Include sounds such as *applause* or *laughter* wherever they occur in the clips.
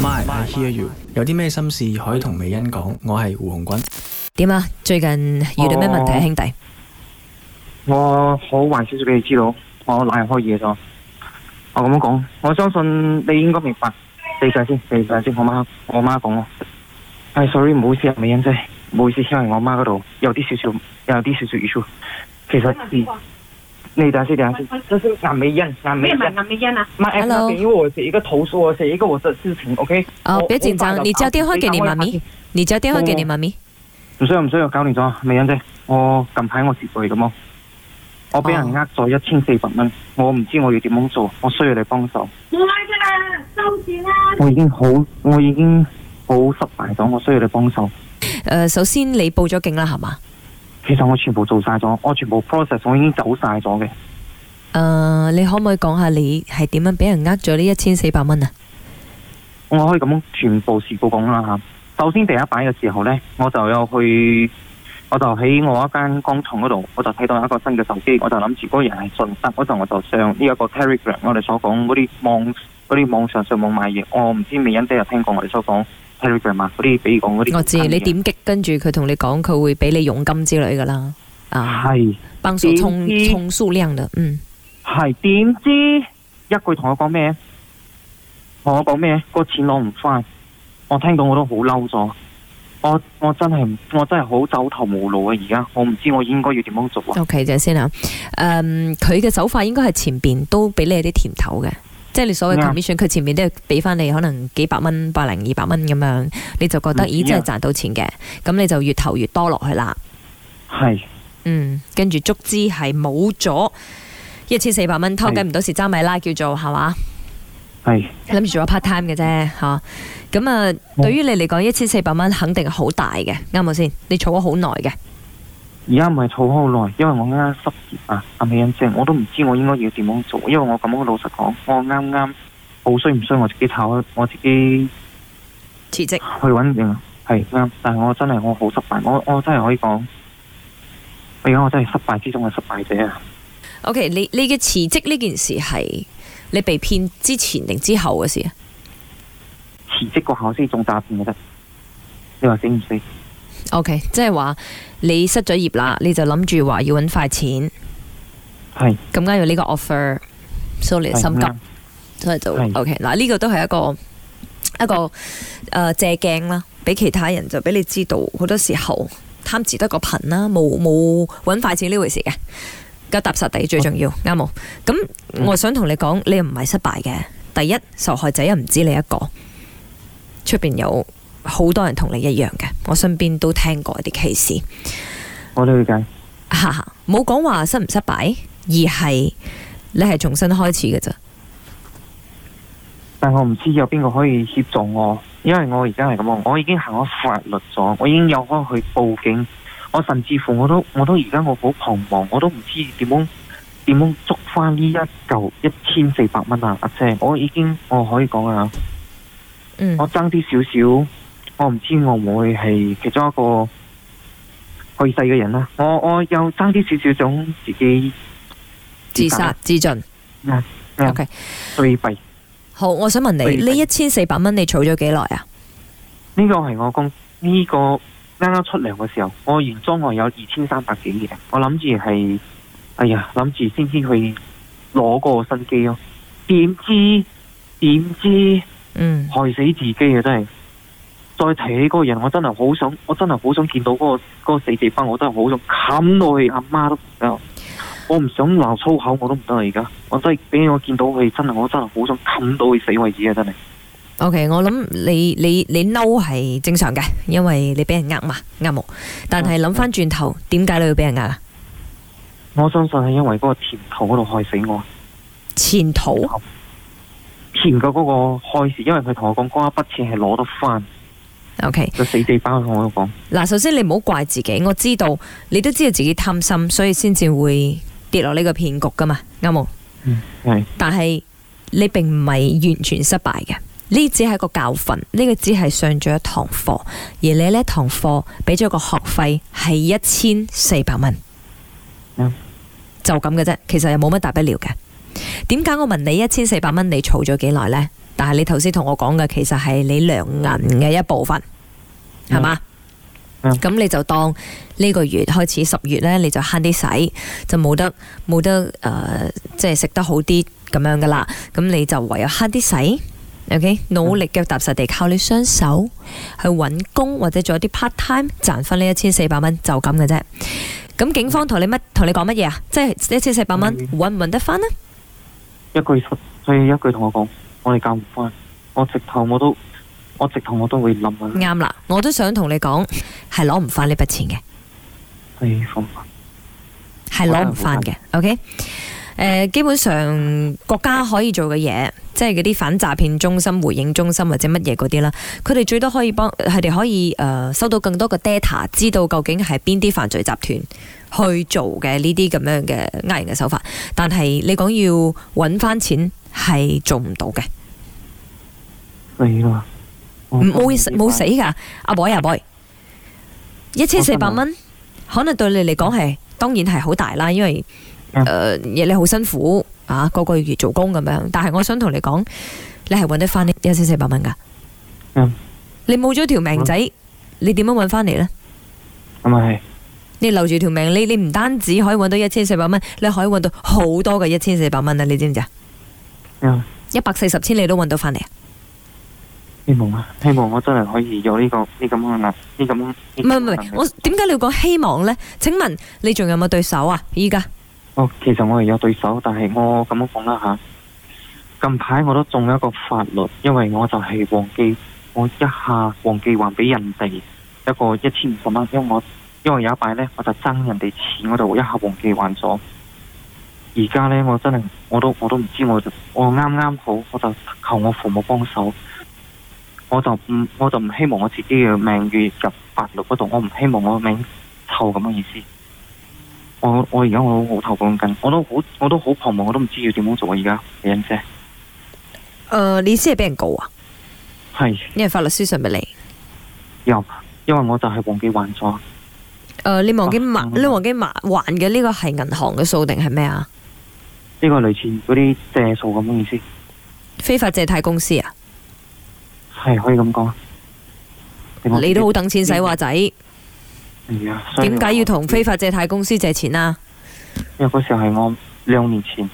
My, I hear you。有啲咩心事可以同美欣講？我係胡洪軍。點啊？最近遇到咩問題，啊，uh, 兄弟？我好壞少少俾你知道，我拉開嘢咗。我咁樣講，我相信你應該明白。你細先，你細先，先。我媽，我媽講我。哎，sorry，唔好意思，美欣姐，唔好意思，因為我媽嗰度有啲少少，有啲少少語錯。其實。你等下先，是啲啊，這是南美人，南美人，南美人啊。買有 app 嗰邊，因為我是一個投訴，我是一個我嘅事情，OK。哦，別緊張，你交電話給你媽咪，你交電話給你媽咪。唔需要，唔需要，搞掂咗。美欣姐，我近排我涉罪咁啊，我俾人呃咗一千四百蚊，我唔知我要點樣做，我需要你幫手。冇啦，得啦，收線啦。我已經好，我已經好失敗咗，我需要你幫手。誒、呃，首先你報咗警啦，係嘛？其實我全部做晒咗，我全部 process，ed, 我已經走晒咗嘅。誒，uh, 你可唔可以講下你係點樣俾人呃咗呢一千四百蚊啊？我可以咁全部事故講啦吓。首先第一擺嘅時候呢，我就有去，我就喺我一間工廠嗰度，我就睇到一個新嘅手機，我就諗住嗰人係信得，嗰陣我就上呢一個 telegram，我哋所講嗰啲網嗰啲網上上網買嘢，我唔知未有姐有聽過我哋所講。嘛，嗰啲比如講啲，我知你點擊跟住佢同你講，佢會俾你佣金之類噶啦，啊係，幫手充充數量嘅，嗯，係點知一句同我講咩？同我講咩？個錢攞唔翻，我聽到我都好嬲咗，我我真係我真係好走投無路啊！而家我唔知我應該要點樣做啊？O K，就先吓，誒，嗯，佢嘅手法應該係前邊都俾你啲甜頭嘅。即係你所謂 commission，佢前面都係俾翻你可能幾百蚊、百零二百蚊咁樣，你就覺得咦真係賺到錢嘅，咁 Yeah. 你就越投越多落去啦。係。Hey. 嗯，跟住卒之係冇咗一千四百蚊，偷雞唔到蝕揸米啦，叫做係嘛？係。諗 Hey. 住做 part time 嘅啫，吓。咁啊，Hey. 對於你嚟講，一千四百蚊肯定好大嘅，啱唔啱先？你儲咗好耐嘅。而家唔係坐好耐，因為我啱啱失業啊，阿美欣姐，我都唔知我應該要點樣做，因為我咁樣老實講，我啱啱好衰唔衰我自己炒，我我自己辭職去穩定係啱，但係我真係我好失敗，我我真係可以講，我而家我真係失敗之中嘅失敗者啊。OK，你你嘅辭職呢件事係你被騙之前定之後嘅事啊？辭職過後先仲詐騙嘅，你話死唔死？O K，即係話你失咗業啦，你就諗住話要揾快錢，係咁加入呢個 offer，sorry，所以心急，Yes. 所以就 O K。嗱 Yes.、okay,，呢、這個都係一個一個、呃、借鏡啦，俾其他人就俾你知道，好多時候貪字得個貧啦，冇冇揾快錢呢回事嘅，而家踏實地最重要，啱冇？咁我想同你講，你又唔係失敗嘅。第一，受害者又唔止你一個，出邊有。好多人同你一樣嘅，我身邊都聽過一啲歧視。我理解。吓、啊，冇講話失唔失敗，而係你係重新開始嘅咋，但我唔知有邊個可以協助我，因為我而家係咁，我已經行咗法律咗，我已經有開去報警，我甚至乎我都我都而家我好彷徨，我都唔知點樣點樣捉翻呢一嚿一千四百蚊啊！阿姐，我已經我可以講啊，嗯、我爭啲少少。我唔知我唔會係其中一個去世嘅人啦。我我又爭啲少少想自己自殺自盡。O K 最弊好。我想問你，呢一千四百蚊你儲咗幾耐啊？呢個係我公呢個啱啱出糧嘅時候，我原賬戶有二千三百幾嘅。我諗住係哎呀，諗住先先去攞個新機咯。點知點知，知嗯，害死自己啊，真係。再提起嗰個人，我真係好想，我真係好想見到嗰、嗰個、嗰個死地方，我真係好想冚到去阿媽都，唔得。我唔想鬧粗口，我都唔得啦！而家我真係俾我見到佢，真係我真係好想冚到佢死為止啊！真係。O、okay, K，我諗你你你嬲係正常嘅，因為你俾人呃嘛，呃木。但係諗翻轉頭，點解你要俾人呃啊？我相信係因為嗰個前途嗰度害死我。前途土？前嘅嗰個害事，因為佢同我講嗰一筆錢係攞得翻。O K，嗱，Okay. 我我首先你唔好怪自己，我知道你都知道自己貪心，所以先至會跌落呢個騙局噶嘛，啱冇？嗯、但係你並唔係完全失敗嘅，呢只係一個教訓，呢個只係上咗一堂課，而你呢堂課俾咗個學費係一千四百蚊，嗯、就咁嘅啫，其實又冇乜大不了嘅。點解我問你一千四百蚊你儲咗幾耐呢？但係你頭先同我講嘅，其實係你糧銀嘅一部分。係嘛？咁 Yeah. Yeah. 你就當呢個月開始十月呢，你就慳啲使，就冇得冇得誒、呃，即係食得好啲咁樣噶啦。咁你就唯有慳啲使，OK，努力腳踏實地，靠你雙手去揾工或者做一啲 part time 賺翻呢一千四百蚊，就咁嘅啫。咁警方同你乜同你講乜嘢啊？即係一千四百蚊揾唔揾得翻呢？一句所以一句同我講，我哋搞唔翻，我直頭我都。我直頭我都會諗。啱啦，我都想同你講，係攞唔翻呢筆錢嘅。係攞唔翻嘅。 *noise* *noise* OK，誒、呃，基本上國家可以做嘅嘢，即係嗰啲反詐騙中心、回應中心或者乜嘢嗰啲啦。佢哋最多可以幫佢哋可以誒、呃，收到更多嘅 data，知道究竟係邊啲犯罪集團去做嘅呢啲咁樣嘅呃人嘅手法。但係你講要搵翻錢係做唔到嘅。係啊。冇死冇死噶，阿、啊、boy 阿、啊、boy，一千四百蚊可能對你嚟講係當然係好大啦，因為誒、啊呃、你好辛苦啊，個個月做工咁樣。但係我想同你講，你係搵得翻一千四百蚊噶。啊、你冇咗條命仔，啊、你點樣搵翻嚟呢？咁啊係。你留住條命，你你唔單止可以搵到一千四百蚊，你可以搵到好多嘅一千四百蚊啊！你知唔知啊？一百四十千你都搵到翻嚟啊？希望啊！希望我真係可以有呢、呢個呢咁嘅啦，呢、呢、咁、個。唔係唔係，我點解你要講希望呢？請問你仲有冇對手啊？依家？哦，其實我係有對手，但係我咁樣講啦吓。近排我都中一個法律，因為我就係忘記我一下忘記還俾人哋一個一千五十蚊，因為我因為有一擺呢，我就爭人哋錢，我就一下忘記還咗。而家呢，我真係我都我都唔知，我就我啱啱好，我就求我父母幫手。我就唔，我就唔希望我自己嘅命越入法律嗰度，我唔希望我命透咁嘅意思。我我而家我好頭痛緊，我都好，我都好彷徨，我都唔知要點樣做啊！而家李欣姐，你意思係俾人告啊，係是，因為法律書信俾你。有，因為我就係忘記還咗。誒、呃，你忘記你忘記你忘記還嘅呢個係銀行嘅數定係咩啊？呢個類似嗰啲借數咁嘅意思。非法借貸公司啊？係可以咁講。你都好等錢使話仔。係點解要同非法借貸公司借錢啊？因為嗰時候係我兩年前，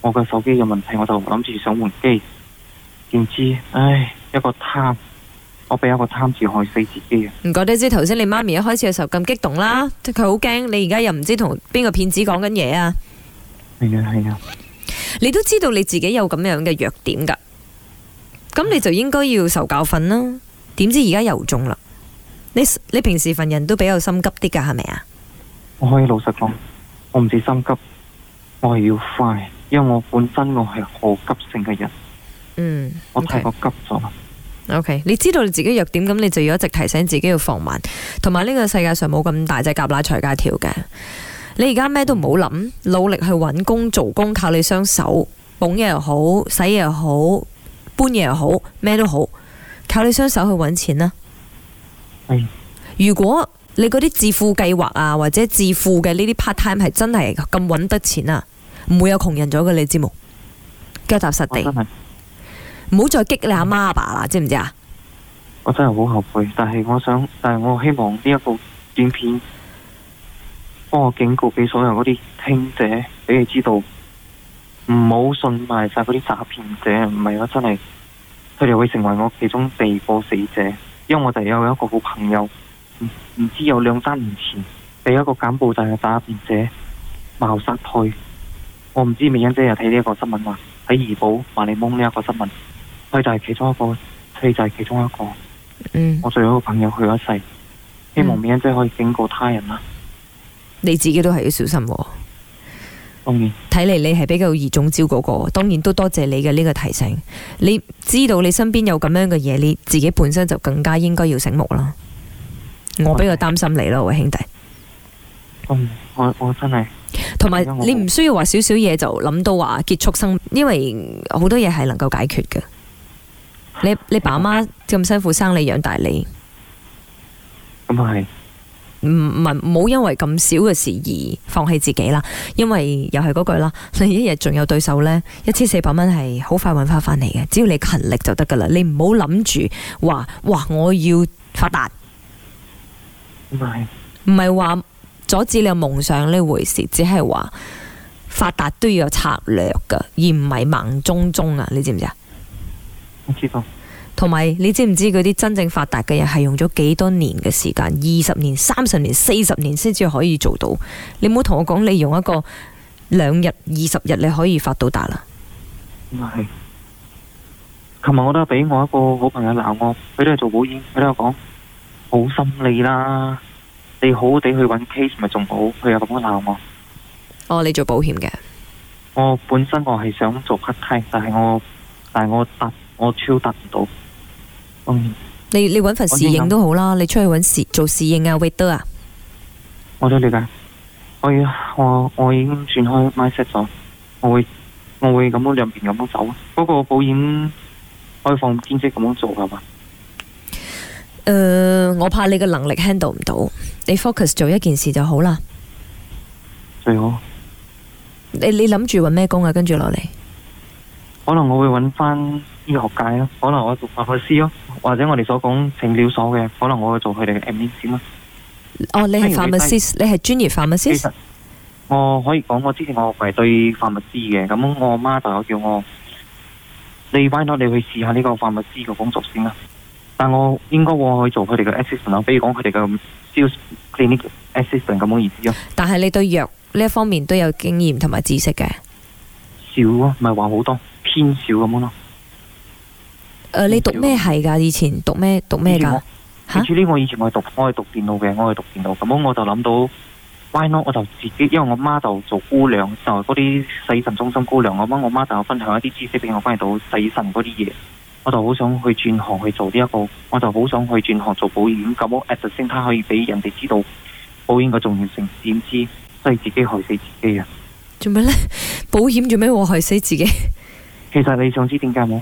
我個手機有問題，我就諗住想換機，點知唉，一個貪，我俾一個貪字害死自己啊！唔怪得之頭先你媽咪一開始嘅時候咁激動啦，佢好驚。你而家又唔知同邊個騙子講緊嘢啊？係啊係啊。你都知道你自己有咁樣嘅弱點噶。咁你就應該要受教訓啦。點知而家又中啦？你你平時份人都比較心急啲噶，係咪啊？我可以老實講，我唔止心急，我係要快，因為我本身我係好急性嘅人。嗯，okay. 我太過急咗。Okay. Okay，你知道你自己弱點，咁你就要一直提醒自己要放慢，同埋呢個世界上冇咁大隻蛤乸隨街跳嘅。你而家咩都唔好諗，努力去揾工做工，靠你雙手捧嘢又好，洗嘢又好。搬嘢又好，咩都好，靠你雙手去揾錢啊。是如果你嗰啲致富計劃啊，或者致富嘅呢啲 part time 係真係咁揾得錢啊，唔會有窮人咗嘅，你知冇？腳踏實地，唔好再激你阿媽阿爸啦，知唔知啊？我真係好後悔，但係我想，但係我希望呢一部短片，幫我警告俾所有嗰啲聽者，俾你知道，唔好信埋晒嗰啲詐騙者，唔係我真係。佢哋會成為我其中第二個死者，因為我哋有一個好朋友，唔、嗯、知有兩三年前俾一個柬埔寨嘅打騙者謀殺佢。我唔知美欣姐有睇呢一個新聞話喺怡保萬里望呢一個新聞，佢就係其中一個，佢就係其中一個。嗯，我最好嘅朋友去咗世，希望美欣姐可以警告他人啦，嗯。你自己都係要小心，哦。睇嚟、嗯、你係比較易中招嗰個，當然都多謝你嘅呢個提醒。你知道你身邊有咁樣嘅嘢，你自己本身就更加應該要醒目啦是。我比較擔心你咯，位兄弟。嗯、我我真係同埋你唔需要話少少嘢就諗到話結束生，因為好多嘢係能夠解決嘅。你你爸媽咁辛苦生你養大你，咁係、嗯。唔唔，唔好因為咁少嘅事而放棄自己啦。因為又係嗰句啦，你一日仲有對手呢，一千四百蚊係好快搵翻翻嚟嘅。只要你勤力就得噶啦，你唔好諗住話哇我要發達。唔係唔係話阻止你有夢想呢回事，只係話發達都要有策略噶，而唔係盲中中啊！你知唔知啊？同埋，你知唔知嗰啲真正發達嘅人係用咗幾多年嘅時間？二十年、三十年、四十年先至可以做到。你唔好同我講你用一個兩日、二十日你可以發到達啦。係，琴日我都俾我一個好朋友鬧我，佢都係做保險，佢都有講好心理啦，你好好地去揾 case 咪仲好，佢又咁樣鬧我。哦，你做保險嘅？我本身我係想做階梯，但係我但係我達我超達唔到。你你揾份侍應都好啦，你出去揾做侍應啊，waiter 啊？我都理解。我已我我已經轉開 my set 咗，我會我會咁樣兩邊咁樣走。不過保險開放兼職咁樣做係嘛？誒、呃，我怕你嘅能力 handle 唔到，你 focus 做一件事就好啦。最好，你你諗住揾咩工啊？跟住落嚟，可能我會揾翻醫學界咯，可能我讀法學師咯。或者我哋所講診療所嘅，可能我去做佢哋嘅 assistant。哦，你係 pharmacist，你係專業 pharmacist。其實我可以講，我之前我係對 pharmacist 嘅。咁我媽就有叫我你翻咗，你，為你去試下呢個 pharmacist 嘅工作先啦。但我應該會去做佢哋嘅 assistant，比如講佢哋嘅 sales，呢啲 assistant 咁嘅意思咯。但係你對藥呢一方面都有經驗同埋知識嘅？少啊，唔係話好多，偏少咁樣咯。誒、呃，你讀咩係噶？以前讀咩？讀咩噶？吓？處理我以前我係、啊、讀我係讀電腦嘅，我係讀電腦咁，我我就諗到，why not？我就自己，因為我媽就做姑娘，就嗰、是、啲洗腎中心姑娘，我媽我媽就分享一啲知識俾我，關於到洗腎嗰啲嘢，我就好想去轉行去做呢、這、一個，我就好想去轉行做保險。咁我 at the same time，可以俾人哋知道保險嘅重要性，點知都係自己害死自己啊！做咩呢？保險做咩會害死自己？其實你想知點解冇？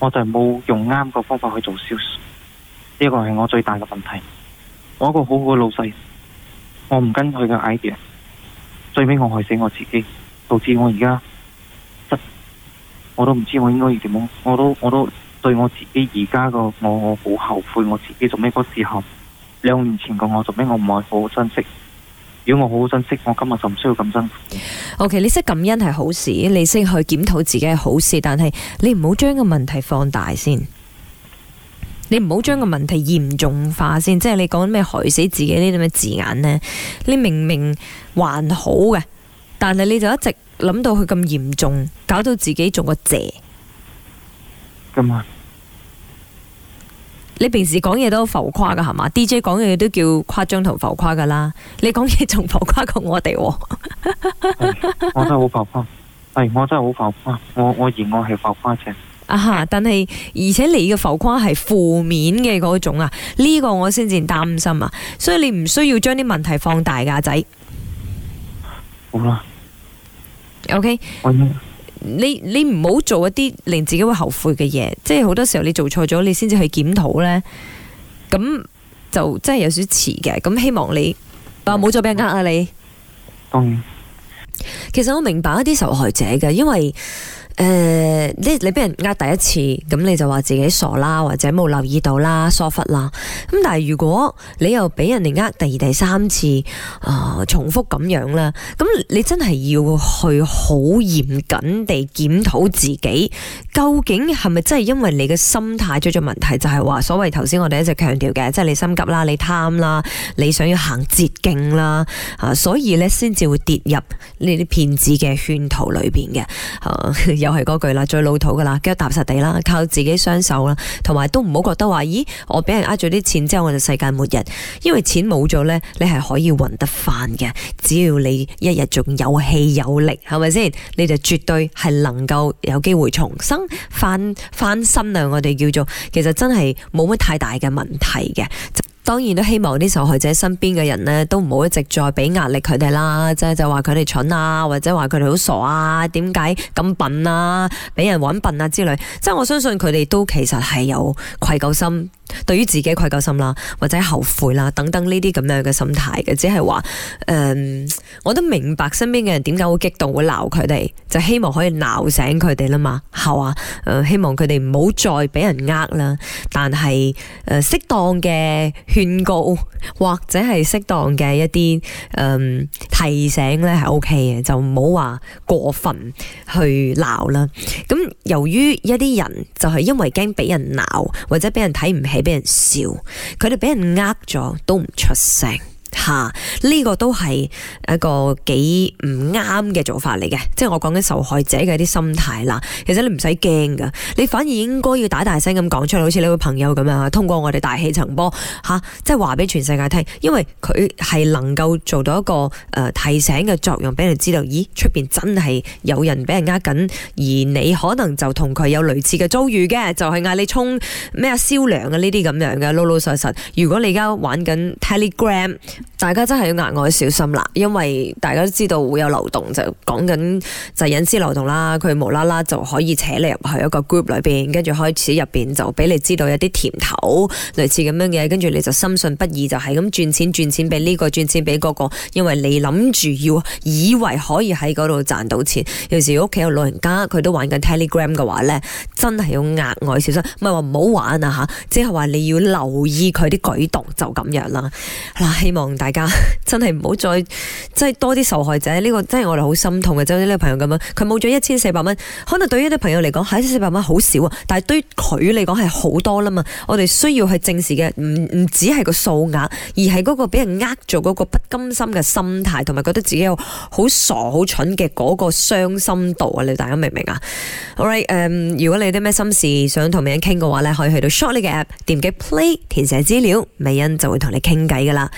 我就冇用啱個方法去做銷售，呢個係我最大嘅問題。我一個好好嘅老細，我唔跟佢嘅 idea，最尾我害死我自己，導致我而家我都唔知我應該要點樣。我都我都對我自己而家個我我好後悔，我自己做咩嗰時候，兩年前個我做咩我唔愛好珍惜。如果我好好珍惜，我今日就唔需要咁辛苦。OK，你識感恩係好事，你識去檢討自己係好事，但係你唔好將個問題放大先，你唔好將個問題嚴重化先。即係你講咩害死自己呢啲咩字眼咧？你明明還好嘅，但係你就一直諗到佢咁嚴重，搞到自己做個謝。咁啊？你平時講嘢都浮誇噶係嘛？DJ 講嘢都叫誇張同浮誇噶啦，你講嘢仲浮誇過我哋，啊？ *laughs* 我真係好浮誇，係我真係好浮誇，我誇我而我係浮誇啫。啊哈！但係而且你嘅浮誇係負面嘅嗰種啊，呢、這個我先至擔心啊，所以你唔需要將啲問題放大噶，啊、仔。好啦吧，OK，你你唔好做一啲令自己會後悔嘅嘢，即係好多時候你做錯咗，你先至去檢討呢。咁就真係有少少遲嘅。咁希望你，嗯、但係冇再俾人呃啊你。嗯、其實我明白一啲受害者嘅，因為。誒、呃，你你俾人呃第一次，咁你就話自己傻啦，或者冇留意到啦，疏忽啦。咁但係如果你又俾人哋呃第二、第三次，啊、呃，重複咁樣啦，咁你真係要去好嚴謹地檢討自己。究竟係咪真係因為你嘅心態出咗問題？就係話所謂頭先我哋一直強調嘅，即係你心急啦，你貪啦，你想要行捷徑啦，啊，所以呢先至會跌入呢啲騙子嘅圈套裏邊嘅。啊，又係嗰句啦，最老土噶啦，腳踏實地啦，靠自己雙手啦，同埋都唔好覺得話，咦，我俾人呃咗啲錢之後我就世界末日。因為錢冇咗呢，你係可以搵得翻嘅，只要你一日仲有氣有力，係咪先？你就絕對係能夠有機會重生。翻翻身啊！我哋叫做，其實真係冇乜太大嘅問題嘅，當然都希望啲受害者身邊嘅人呢，都唔好一直再俾壓力佢哋啦，即係就話佢哋蠢啊，或者話佢哋好傻啊，點解咁笨啊，畀人揾笨啊之類，即係我相信佢哋都其實係有愧疚心。對於自己愧疚心啦，或者後悔啦，等等呢啲咁樣嘅心態嘅，只係話，誒、嗯，我都明白身邊嘅人點解會激動，會鬧佢哋，就希望可以鬧醒佢哋啦嘛，係嘛，誒、嗯，希望佢哋唔好再俾人呃啦，但係誒適當嘅勸告或者係適當嘅一啲誒、嗯、提醒咧係 O K 嘅，就唔好話過分去鬧啦。咁由於一啲人就係因為驚俾人鬧或者俾人睇唔起，俾人笑，佢哋俾人呃咗都唔出聲。吓，呢、啊，這個都係一個幾唔啱嘅做法嚟嘅，即係我講緊受害者嘅啲心態啦。其實你唔使驚噶，你反而應該要大大聲咁講出嚟，好似你個朋友咁啊，通過我哋大氣層波吓、啊，即係話俾全世界聽，因為佢係能夠做到一個誒、呃、提醒嘅作用俾人知道，咦，出邊真係有人俾人呃緊，而你可能就同佢有類似嘅遭遇嘅，就係、是、嗌、你衝咩啊銷量啊呢啲咁樣嘅，老老實實。如果你而家玩緊 Telegram。大家真係要額外小心啦，因為大家都知道會有流動，就講緊就隱私流動啦。佢無啦啦就可以扯你入去一個 group 裏邊，跟住開始入邊就俾你知道有啲甜頭，類似咁樣嘅，跟住你就深信不疑就係咁賺錢賺錢俾呢個，賺錢俾嗰個，因為你諗住要以為可以喺嗰度賺到錢。有時屋企有老人家，佢都玩緊 Telegram 嘅話呢，真係要額外小心。唔係話唔好玩啊吓，即係話你要留意佢啲舉動就咁樣啦。嗱，希望。大家真係唔好再即係多啲受害者呢、這個真係我哋好心痛嘅。即係呢個朋友咁樣，佢冇咗一千四百蚊，可能對於啲朋友嚟講，一千四百蚊好少啊，但係對於佢嚟講係好多啦嘛。我哋需要去正視嘅，唔唔止係個數額，而係嗰個俾人呃咗嗰個不甘心嘅心態，同埋覺得自己有好傻好蠢嘅嗰個傷心度啊！你大家明唔明啊？好啦，誒，如果你有啲咩心事想同美欣傾嘅話呢，可以去到 Short 你嘅 app，點擊 Play，填寫資料，美欣就會同你傾偈噶啦。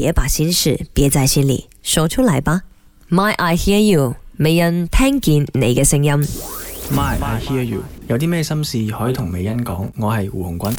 別把心事憋在心裏，說出來吧。May I hear you？美恩聽見你嘅聲音。May I hear you？有啲咩心事可以同美恩講？我係胡紅軍。